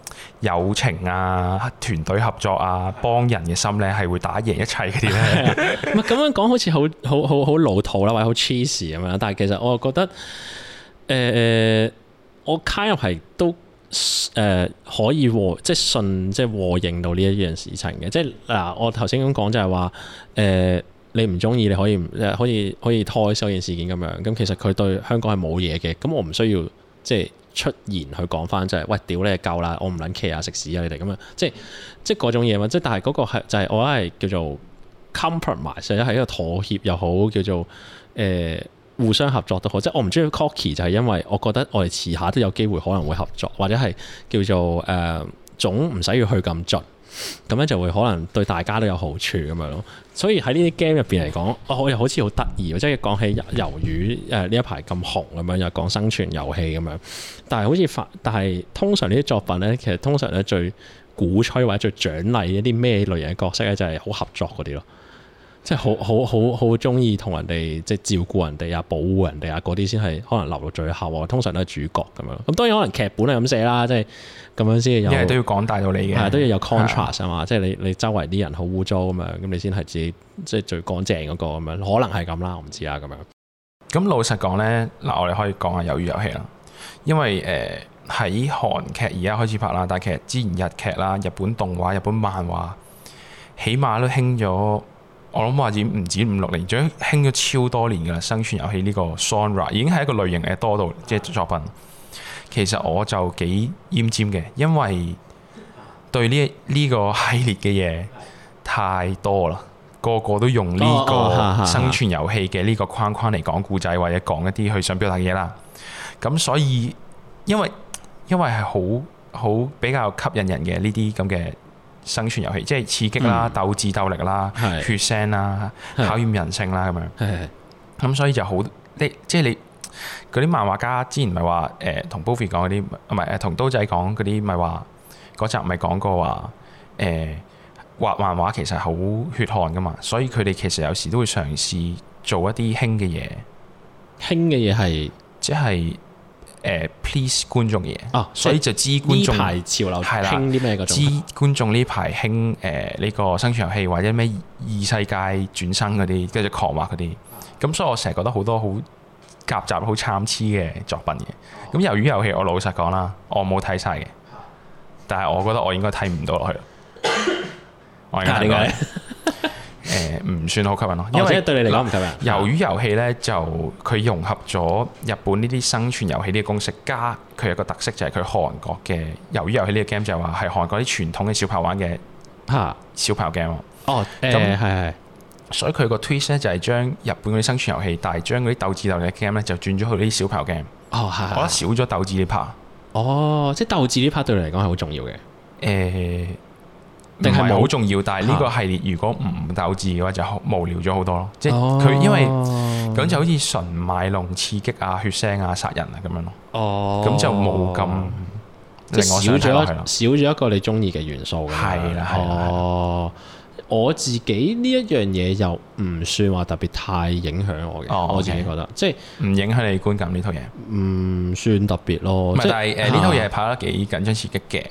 友情啊、團隊合作啊、幫人嘅心咧，係會打贏一切嘅啲咧。咁、 啊、樣講，好似好好好好老土啦，或者好 cheese 咁樣，但係其實我覺得誒誒。呃我 kind of 係都誒、呃、可以和即係信即係和應到呢一樣事情嘅，即係嗱我頭先咁講就係話誒你唔中意你可以誒可以可以拖收件事件咁樣，咁其實佢對香港係冇嘢嘅，咁我唔需要即係出言去講翻就係喂，屌你夠啦，我唔撚企啊食屎啊你哋咁樣，即係即係嗰種嘢嘛，即係但係嗰個就係、係、我覺得係叫做 compromise，即係一個妥協又好叫做誒。呃互相合作都好，即係我唔中意 cocky，就係因為我覺得我哋遲下都有機會可能會合作，或者係叫做誒、呃、總唔使要去咁盡，咁樣就會可能對大家都有好處咁樣咯。所以喺呢啲 game 入邊嚟講，我、哦、又好似好得意，即係講起魷魚誒呢、呃、一排咁紅咁樣，又講生存遊戲咁樣，但係好似發，但係通常呢啲作品咧，其實通常咧最鼓吹或者最獎勵一啲咩類型嘅角色咧，就係、是、好合作嗰啲咯。即係好好好好中意同人哋即係照顧人哋啊、保護人哋啊嗰啲先係可能留到最後通常都係主角咁樣。咁當然可能劇本係咁寫啦，即係咁樣先。因為都要講大道理嘅、嗯，都要有 contrast 啊嘛，即係你你周圍啲人好污糟咁樣，咁你先係自己即係最講正嗰個最乾淨嗰個咁樣。可能係咁啦，我唔知啊咁樣。咁老實講咧，嗱我哋可以講下魷魚遊戲啦，因為誒喺、呃、韓劇而家開始拍啦，但係其實之前日劇啦、日本動畫、日本漫畫，起碼都興咗。我諗唔止唔止五六年已經興咗超多年噶啦。生存遊戲呢個 genre 已經係一個類型嘅多度即係作品。其實我就幾奄尖嘅，因為對呢呢、這個系列嘅嘢太多啦，個個都用呢個生存遊戲嘅呢個框框嚟講故仔，或者講一啲去想表達嘅嘢啦。咁所以因為因為係好好比較吸引人嘅呢啲咁嘅。這生存遊戲即係刺激啦、鬥智鬥力啦、的血腥啦、的考驗人性啦咁樣。咁的所以就好啲，即係你嗰啲、就是、漫畫家之前咪話誒同 Buffy 講嗰啲，唔係誒同刀仔講嗰啲咪話嗰集咪講過話誒、呃、畫漫畫其實好血汗㗎嘛，所以佢哋其實有時都會嘗試做一啲輕嘅嘢。輕嘅嘢係即係。就是誒，please 觀眾嘢啊，所以就知觀眾呢排潮流係啦，傾啲咩個？知觀眾呢排興誒呢個生存遊戲或者咩異世界轉生嗰啲，跟住狂畫嗰啲。咁所以我成日覺得好多好夾雜、好參差嘅作品嘅。咁由於遊戲，我老實講啦，我冇睇晒嘅，但係我覺得我應該睇唔到落去我應該誒唔、呃、算好吸引咯，因為、哦、對你嚟講唔吸引。魷魚遊戲咧就佢融合咗日本呢啲生存遊戲呢個公式，加佢有個特色就係佢韓國嘅魷魚遊戲呢個 game 就係話係韓國啲傳統嘅小朋友玩嘅嚇小朋友 game。哦，咁係係，那所以佢個 twist 咧就係、是、將日本嗰啲生存遊戲，但係將嗰啲鬥智鬥力嘅 game 咧就轉咗去呢啲小朋友 game。哦，係係，我覺得少咗鬥智呢 part 哦，即係鬥智呢 part 對你嚟講係好重要嘅。誒、呃。定係冇好重要，但係呢個系列如果唔鬥智嘅話就無聊咗好多咯。即係佢因為咁、啊、就好似純賣弄刺激啊、血腥啊、殺人啊咁樣咯。哦、啊，咁就冇咁即係少咗少咗一個你中意嘅元素。係啦，係啦。哦，我自己呢一樣嘢又唔算話特別太影響我嘅。哦 okay. 我自己覺得即係唔影響你觀感呢套嘢，唔算特別咯。即但係誒呢套嘢係拍得幾緊張刺激嘅。誒、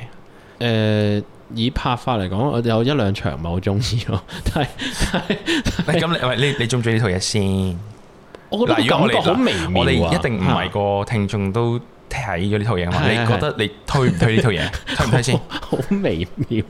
嗯。以拍法嚟講，我有一兩場唔係好中意咯。但係，咁你唔係你你中唔中意呢套嘢先？我覺得感覺好微妙啊！我哋一定唔係個聽眾都。睇咗呢套嘢嘛？你覺得你推唔推呢套嘢？推唔推先？好微妙。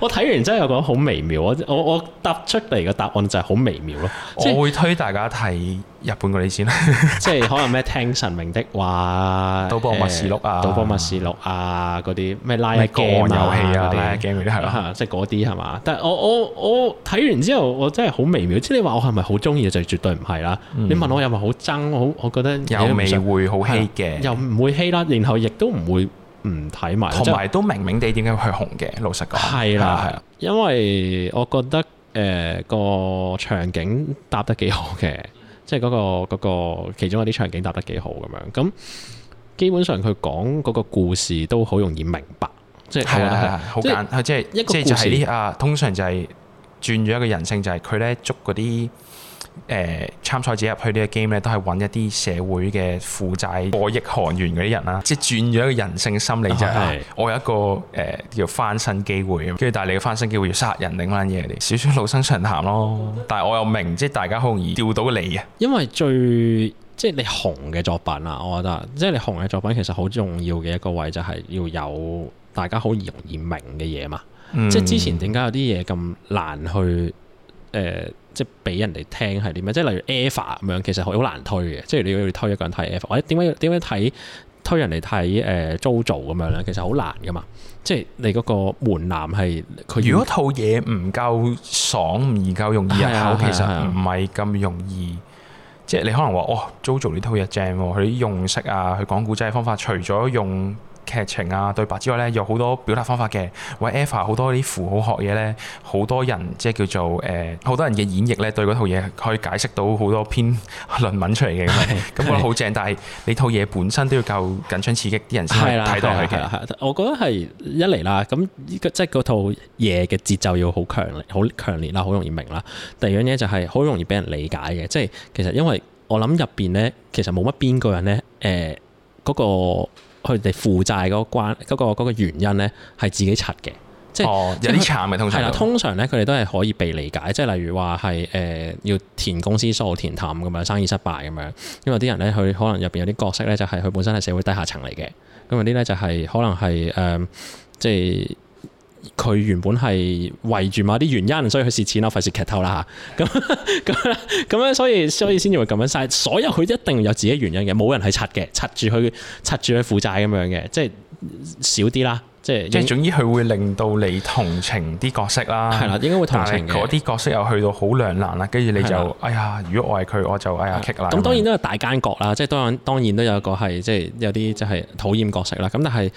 我睇完之後又覺得好微妙。我我我答出嚟嘅答案就係好微妙咯。我會推大家睇日本嗰啲先，啦，即係可能咩聽神明的話，賭博默示錄啊，賭博默示錄啊嗰啲咩拉 game 啊，遊戲啊，拉 game 啲即係嗰啲係嘛？但係我我我睇完之後，我真係好微妙。即係你話我係咪好中意？就絕對唔係啦。你問我有咪好憎？我我覺得有未會好 hit 嘅。唔會稀啦，然後亦都唔會唔睇埋，同埋有、就是、都明明地點解佢紅嘅，老實講。係啦，係啦，因為我覺得誒、呃嗰個場景搭得幾好嘅，即係嗰個其中一啲場景搭得幾好咁樣。咁基本上佢講嗰個故事都好容易明白，就是、即係係啊係啊，好簡單，即係是即係就係啊，通常就係轉咗一個人性，就係佢咧捉嗰啲。誒，參賽、呃、者入去個呢個 game 咧，都係揾一啲社會嘅負債過億韓元嗰啲人啦、啊，即係轉咗一個人性心理就係， 我有一個誒、呃、叫翻身機會，跟住但係你嘅翻身機會要殺人擰翻嘢，嚟，少少老生常談咯。但係我又明，即係大家好容易釣到你啊。因為最即係你紅嘅作品啊，我覺得即係你紅嘅作品其實好重要嘅一個位就係要有大家好容易明嘅嘢嘛。嗯、即係之前點解有啲嘢咁難去誒？呃即係俾人哋聽係點樣？即係例如 EVA 咁樣，其實好難推嘅。即係你要推一個人睇 EVA 或者點樣點樣睇推人嚟睇誒 JoJo 咁樣咧，其實好難噶嘛。即係你嗰個門檻係佢。如果套嘢唔夠爽，唔夠容易入口，其實唔係咁容易。即係你可能話：哦 JoJo 呢套嘢正喎，佢啲用色啊，佢講古仔嘅方法，除咗用，劇情啊，對白之外咧，有好多表達方法嘅。喂，Eva 好多啲符號學嘢咧，好多人即係叫做誒，好、呃、多人嘅演繹咧，對嗰套嘢可以解釋到好多篇論文出嚟嘅。咁我覺得好正，但係你套嘢本身都要夠緊張刺激，啊，啲人先睇到佢嘅。我覺得係一嚟啦，咁即係嗰套嘢嘅節奏要好強烈、好強烈啦，好容易明啦。第二樣嘢就係好容易俾人理解嘅，即係其實因為我諗入邊咧，其實冇乜邊個人咧誒嗰個。佢哋負債嗰關嗰、嗰個原因咧，係自己拆嘅，即係、哦、有啲慘嘅們。通常係啦，通常咧佢哋都係可以被理解，即係例如話係誒要填公司數填淡咁樣，生意失敗咁樣。因為啲人咧，佢可能入邊有啲角色咧，就係佢本身係社會低下層嚟嘅。咁有啲咧就係、是、可能係誒、呃，即係。佢原本係為住某啲原因，所以佢蝕錢啦，我費事劇透啦嚇。咁咁咁所以所以先至會咁樣晒。所有佢一定有自己原因嘅，冇人係賊嘅，賊住佢賊住佢負債咁樣嘅，即係少啲啦。即係即係總之，佢會令到你同情啲角色啦。係啦，應該會同情嘅。但係嗰啲角色又去到好兩難啦，跟住你就的哎呀，如果我係佢，我就哎呀棘啦。咁的當然都有大奸角啦，即係當然當然都有個係即係有啲即係討厭角色啦。咁但係。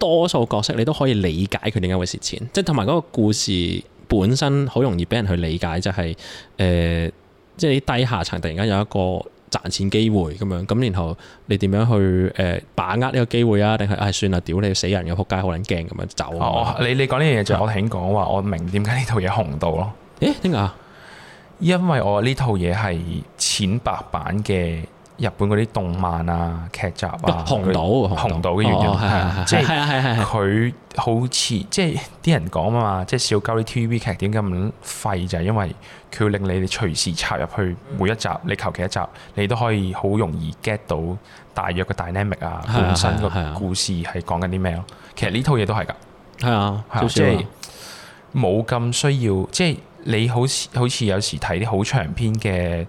多數角色你都可以理解佢點解會蝕錢，即係同埋嗰個故事本身好容易俾人去理解，就係、是、誒，即、呃、係、就是、低下層突然間有一個賺錢機會咁樣，咁然後你點樣去誒、呃、把握呢個機會啊？定係誒算啦，屌你死人嘅仆街，好撚驚咁樣走。哦嗯、你你講呢樣嘢就我聽講話，我明點解呢套嘢紅到咯？咦、欸，點解？因為我呢套嘢係淺白版嘅。日本嗰啲動漫啊劇集啊，紅島紅島嘅原因，即係佢好似即係啲人講啊嘛，即係小交啲 TVB 劇點解咁廢，就係因為佢要令你哋隨時插入去每一集，你求其一集你都可以好容易 get 到大約嘅 dynamic 啊，本身個故事係講緊啲咩咯？其實呢套嘢都係噶，係啊，即係冇咁需要，即係你好似好似有時睇啲好長篇嘅。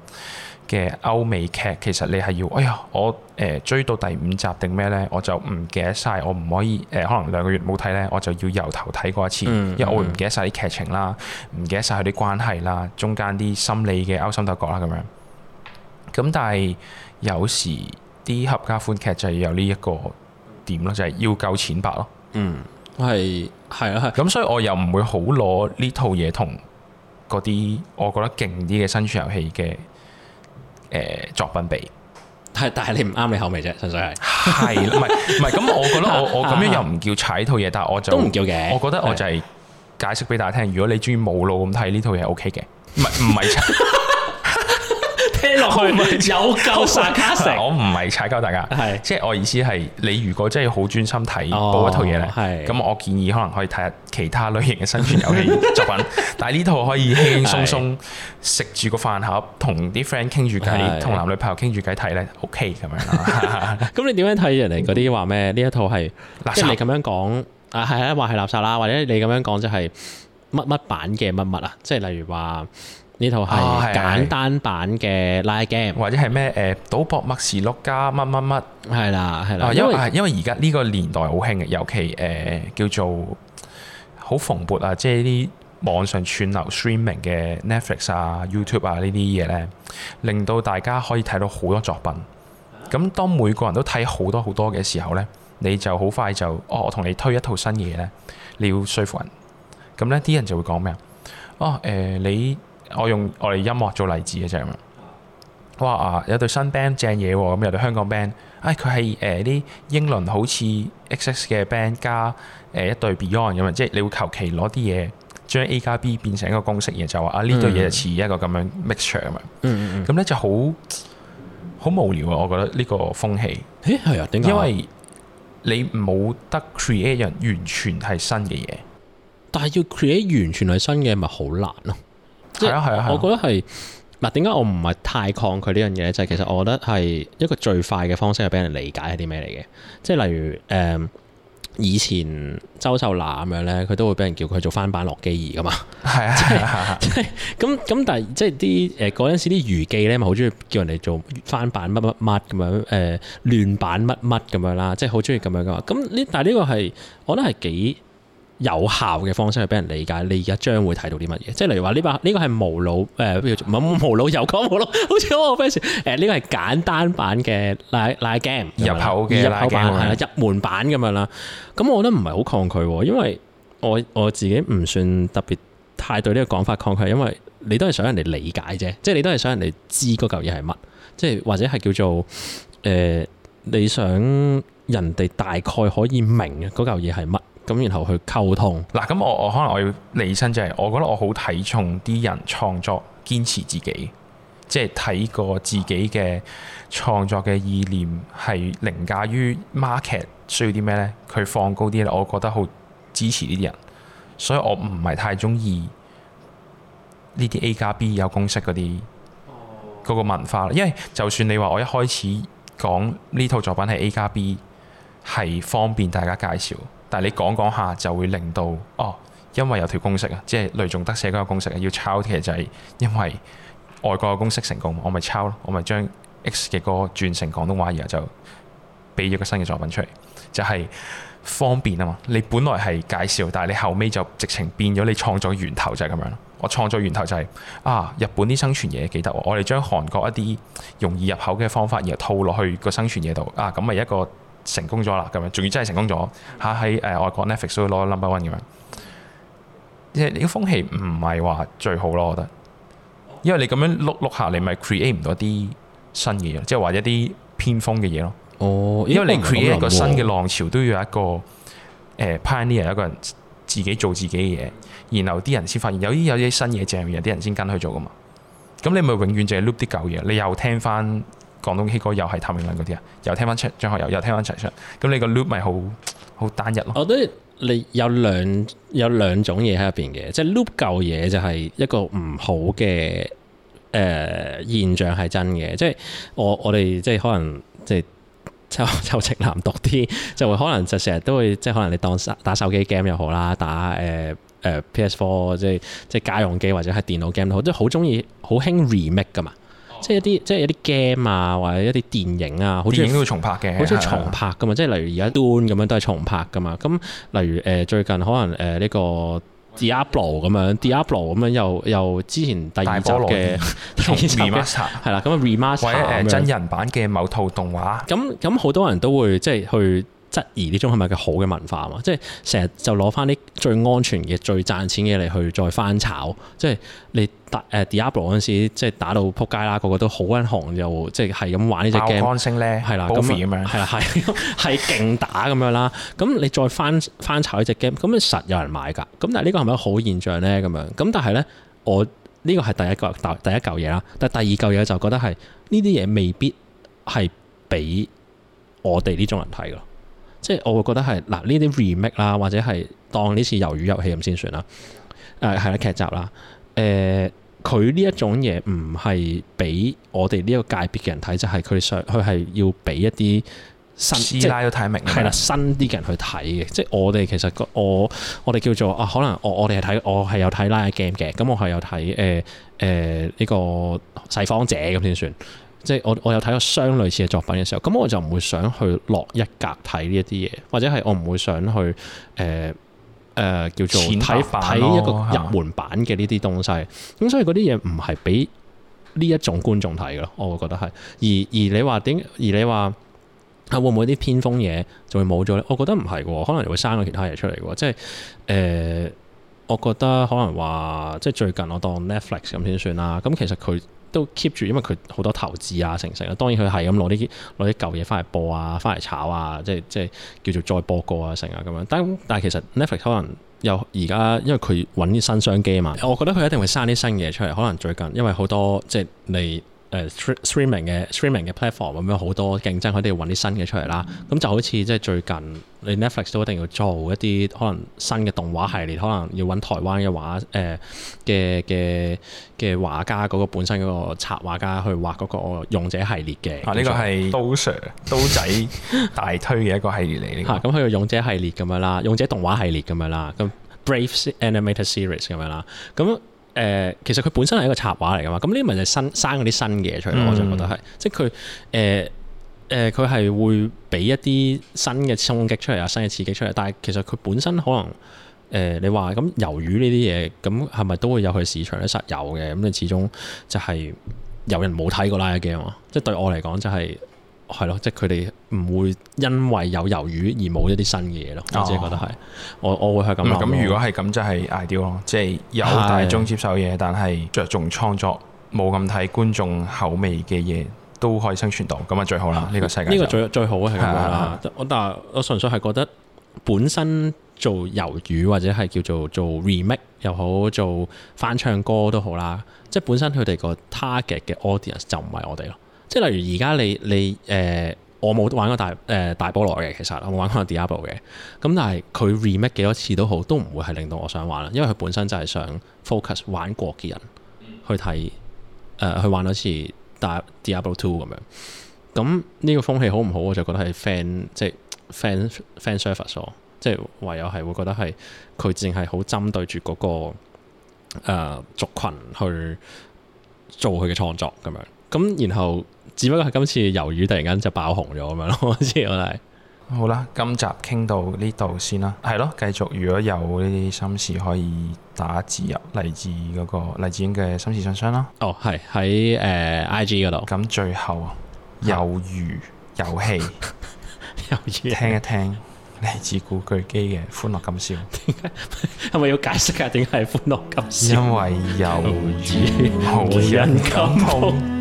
嘅歐美劇其實你係要，哎呀，我誒、呃、追到第五集定咩呢？我就唔記得晒。我唔可以誒、呃，可能兩個月冇睇呢，我就要由頭睇過一次，嗯嗯、因為我會唔記得晒啲劇情啦，唔記得晒佢啲關係啦，中間啲心理嘅勾心鬥角啦咁樣。咁但係有時啲合家歡劇就要有呢一個點咯，就係、是、要夠淺白咯。嗯，係係啊。係。咁所以我又唔會好攞呢套嘢同嗰啲我覺得勁啲嘅新出遊戲嘅。誒作品比，但係你唔啱你口味啫，純粹係係，唔係唔係咁，我覺得我我咁樣又唔叫踩呢套嘢，但係我就都唔叫嘅，我覺得我就係解釋俾大家聽，的如果你中意冇腦咁睇呢套嘢，OK 嘅，唔係唔係踩聽落去有救，殺卡城。我唔係踩鳩大家，係即係我意思係你如果真係好專心睇嗰套嘢咧，係咁我建議可能可以睇下其他類型嘅生存遊戲作品，但係呢套可以輕鬆鬆食住個飯盒，同啲 friend 傾住偈，同男女朋友傾住偈睇咧，OK 咁樣咁你點樣睇人哋嗰啲話咩？呢一套係垃圾，即係你咁樣講啊，係啊，話係垃圾啦，或者你咁樣講就係乜乜版嘅乜乜啊？即係例如話。呢套係、哦、簡單版嘅 Live Game，或者係咩誒賭博默示錄加乜乜乜，係啦係啦，啊、因為因為而家呢個年代好興嘅，尤其誒、呃、叫做好蓬勃啊，即係啲網上串流 Streaming 嘅 Netflix 啊、YouTube 啊呢啲嘢咧，令到大家可以睇到好多作品。咁當每個人都睇好多好多嘅時候咧，你就好快就哦，我同你推一套新嘢咧，你要説服人咁咧，啲人就會講咩啊？哦誒、呃，你。我用我哋音樂做例子嘅啫，哇啊有對新 band 正嘢喎，咁有對香港 band，唉，佢係誒啲英倫好似 XX 嘅 band 加誒一對 Beyond 咁樣，即係你會求其攞啲嘢將 A 加 B 變成一個公式嘢，就話啊呢對嘢就似一個咁樣 mixture 啊嘛，嗯嗯嗯，咁咧就好好無聊啊，我覺得呢個風氣，咦係啊，點解因為你冇得 create 人完全係新嘅嘢，但係要 create 完全係新嘅咪好難咯。係啊係啊， 我覺得係。嗱，點解我唔係太抗拒呢樣嘢咧？就係、是、其實我覺得係一個最快嘅方式，係俾人理解係啲咩嚟嘅。即、就、係、是、例如誒、嗯，以前周秀娜咁樣咧，佢都會俾人叫佢做翻版樂基兒㗎嘛。係啊， 咁咁，但係即係啲誒嗰陣時啲娛記咧，咪好鍾意叫人哋做翻版乜乜乜咁樣，誒、呃、亂版乜乜咁樣啦。即係好鍾意咁樣㗎嘛。咁呢？但係呢個係我覺得係幾有效嘅方式去俾人理解，你而家將會睇到啲乜嘢？即係例如話呢，把呢個係無腦誒，唔係無腦又講無腦，好似我個 f a n 呢個係簡單版嘅拉拉 game 入口嘅入口版，係啦，入門版咁樣啦。咁我覺得唔係好抗拒，因為我我自己唔算特別太對呢個講法抗拒，因為你都係想人哋理解啫，即係你都係想人哋知嗰嚿嘢係乜，即係或者係叫做誒，你想人哋大概可以明嗰嚿嘢係乜。咁然後去溝通嗱，咁、啊、我我可能我要理身，就係、是，我覺得我好睇重啲人創作堅持自己，即係睇過自己嘅創作嘅意念係凌駕於 market 需要啲咩呢？佢放高啲咧，我覺得好支持呢啲人，所以我唔係太中意呢啲 A 加 B 有公式嗰啲嗰個文化，因為就算你話我一開始講呢套作品係 A 加 B，係方便大家介紹。但係你講講下就會令到哦，因為有條公式啊，即係雷仲德寫嗰個公式啊，要抄其實就係因為外國嘅公式成功，我咪抄咯，我咪將 X 嘅歌轉成廣東話，然後就俾咗個新嘅作品出嚟，就係方便啊嘛。你本來係介紹，但係你後尾就直情變咗你創作源頭就係咁樣。我創作源頭就係啊，日本啲生存嘢幾得喎，我哋將韓國一啲容易入口嘅方法，然後套落去個生存嘢度啊，咁咪一個。成功咗啦，咁樣仲要真係成功咗，下喺誒外國 Netflix 都攞 number one 咁樣，即係啲風氣唔係話最好咯，我覺得，因為你咁樣碌碌下，你咪 create 唔到啲新嘢，即係話一啲偏鋒嘅嘢咯。哦，因為你 create 一個新嘅浪潮，都要有一個誒、呃、pioneer 一個人自己做自己嘅嘢，然後啲人先發現有啲有啲新嘢正，有啲人先跟佢做噶嘛。咁你咪永遠淨係 loop 啲舊嘢，你又聽翻。廣東 K 歌又係譚詠麟嗰啲啊，又聽翻張張學友，又聽翻陳奕迅，咁你個 loop 咪好好單一咯？我覺得你有兩有兩種嘢喺入邊嘅，即係 loop 舊嘢就係一個唔好嘅誒、呃、現象係真嘅，即係我我哋即係可能即係抽抽情男讀啲，就會可能就成日都會即係可能你當打手機 game 又好啦，打誒誒、呃呃、PS Four 即係即係家用機或者係電腦 game 都好，都好中意好興 remake 噶嘛。即係一啲即係一啲 game 啊，或者一啲電影啊，好似電影都會重拍嘅，好中意重拍嘅嘛。對對對，即係例如而家 Dune 咁樣都係重拍嘅嘛。咁例如誒、呃、最近可能誒呢、呃這個 Diablo 咁樣 Diablo 咁樣對 又又之前第二集嘅 remaster 係啦，咁 remaster rem 真人版嘅某套動畫。咁咁好多人都會即係、就是、去。質疑呢種係咪個好嘅文化啊？嘛，即係成日就攞翻啲最安全嘅、最賺錢嘅嚟去再翻炒。即係你打誒 Diablo 嗰陣時，即係打到仆街啦，個個都好揾行又即係係咁玩呢隻 game。爆安升咧，係、嗯嗯、啦，咁係啦，係係勁打咁樣啦。咁你再翻翻炒呢隻 game，咁實有人買㗎。咁但係呢個係咪好現象咧？咁樣咁但係咧，我呢、呢個係第一個第一嚿嘢啦。但係第二嚿嘢就覺得係呢啲嘢未必係俾我哋呢種人睇㗎。即係我會覺得係嗱呢啲 remake 啦，或者係當呢次魷魚遊戲咁先算啦。誒係啦，劇集啦。誒佢呢一種嘢唔係俾我哋呢一個界別嘅人睇，就係、是、佢上佢係要俾一啲新 即係要睇明，係啦 新啲嘅人去睇嘅。即係我哋其實我我哋叫做啊，可能我我哋係睇我係有睇 live game 嘅，咁我係有睇誒誒呢個細方姐咁先算。即係我我有睇過相類似嘅作品嘅時候，咁我就唔會想去落一格睇呢一啲嘢，或者係我唔會想去誒誒、呃呃、叫做睇一個入門版嘅呢啲東西。咁嗎所以嗰啲嘢唔係俾呢一種觀眾睇嘅咯，我會覺得係。而而你話點？而你話、啊、會唔會啲偏風偏鋒嘢就會冇咗咧？我覺得唔係喎，可能會生個其他嘢出嚟喎。即係誒、呃，我覺得可能話即係最近我當 Netflix 咁先算啦。咁其實佢。都 keep 住，因為佢好多投資啊，成成啊。當然佢係咁攞啲攞啲舊嘢翻嚟播啊，翻嚟炒啊，即係即係叫做再播過啊，成啊咁樣。但係但係其實 Netflix 可能有而家，因為佢揾啲新商機啊嘛。我覺得佢一定會生啲新嘢出嚟。可能最近因為好多即係你。誒、uh, streaming 嘅 streaming 嘅 platform 咁樣好多競爭，佢哋要揾啲新嘅出嚟啦。咁就好似即係最近，你 Netflix 都一定要做一啲可能新嘅動畫系列，可能要揾台灣嘅畫誒嘅嘅嘅畫家嗰、那個本身嗰、那個插畫家去畫嗰個勇者系列嘅。呢、啊啊、個係刀 Sir 刀仔 大推嘅一個系列嚟。呢咁佢嘅勇者系列咁樣啦，勇者動畫系列咁樣啦，咁、啊、Brave Animator Series 咁樣啦，咁、啊。誒、呃，其實佢本身係一個插畫嚟㗎嘛，咁呢啲咪就係新生嗰啲新嘢出嚟，嗯、我就覺得係，即係佢誒誒，佢、呃、係、呃、會俾一啲新嘅衝擊出嚟，啊新嘅刺激出嚟。但係其實佢本身可能誒、呃，你話咁魷魚呢啲嘢，咁係咪都會有去市場咧？實有嘅咁，你始終就係有人冇睇過拉嘅 game 啊嘛即係對我嚟講就係、是。係咯，即係佢哋唔會因為有魷魚而冇一啲新嘅嘢咯。我自己覺得係，我我會係咁、嗯。咁如果係咁，就係 ideal 咯，即、就、係、是、有大眾接受嘢，是的 但係着重創作、冇咁睇觀眾口味嘅嘢都可以生存到，咁啊最好啦。呢的個世界呢個最最好係咁啦。是的 但我但係我純粹係覺得，本身做魷魚或者係叫做做 remake 又好，做翻唱歌都好啦。即係本身佢哋個 target 嘅 audience 就唔係我哋咯。即係例如而家你你誒、呃、我冇玩過大誒、呃、大菠蘿嘅，其實我冇玩過《Diablo》嘅，咁但係佢 remake 幾多次都好，都唔會係令到我想玩啦，因為佢本身就係想 focus 玩過嘅人去睇誒、呃、去玩多次《Diablo Two》咁樣。咁呢個風氣好唔好？我就覺得係 fan 即係 fan fan service 囉，即係唯有係會覺得係佢淨係好針對住嗰、那個、呃、族群去做佢嘅創作咁樣。咁然後。只不過係今次魷魚突然間就爆紅咗咁樣咯，我知我係。好啦，今集傾到呢度先啦，係咯，繼續。如果有呢啲心事，可以打字入嚟自嗰、那個勵志鷹嘅心事信箱啦。哦，係喺誒 I G 嗰度。咁、呃、最後魷魚遊戲，魷魚聽一聽嚟自古巨基嘅《歡樂今宵》。點解係咪要解釋下？點解係《歡樂今宵》？因為魷魚無人溝通。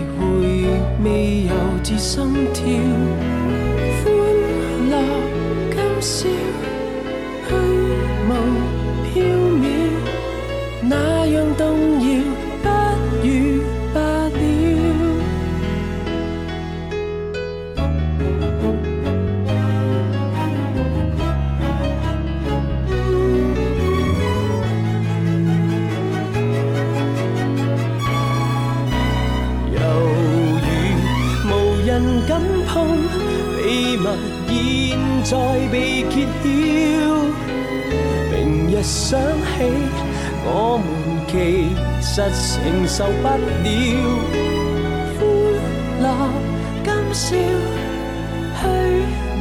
未由自心跳。緊抱秘密，現在被揭曉。明日想起，我們其實承受不了。歡樂今宵虛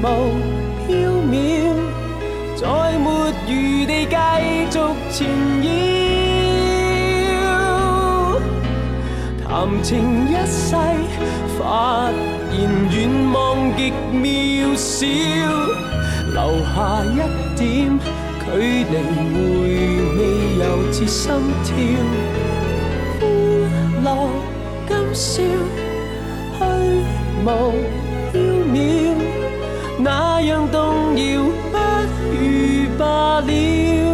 無縹緲，再沒餘地繼續纏繞。談情一世煩。然遠，遠望極渺小，留下一點距離，回味又似心跳。歡樂今宵虛無縹緲，那樣動搖不如罷了。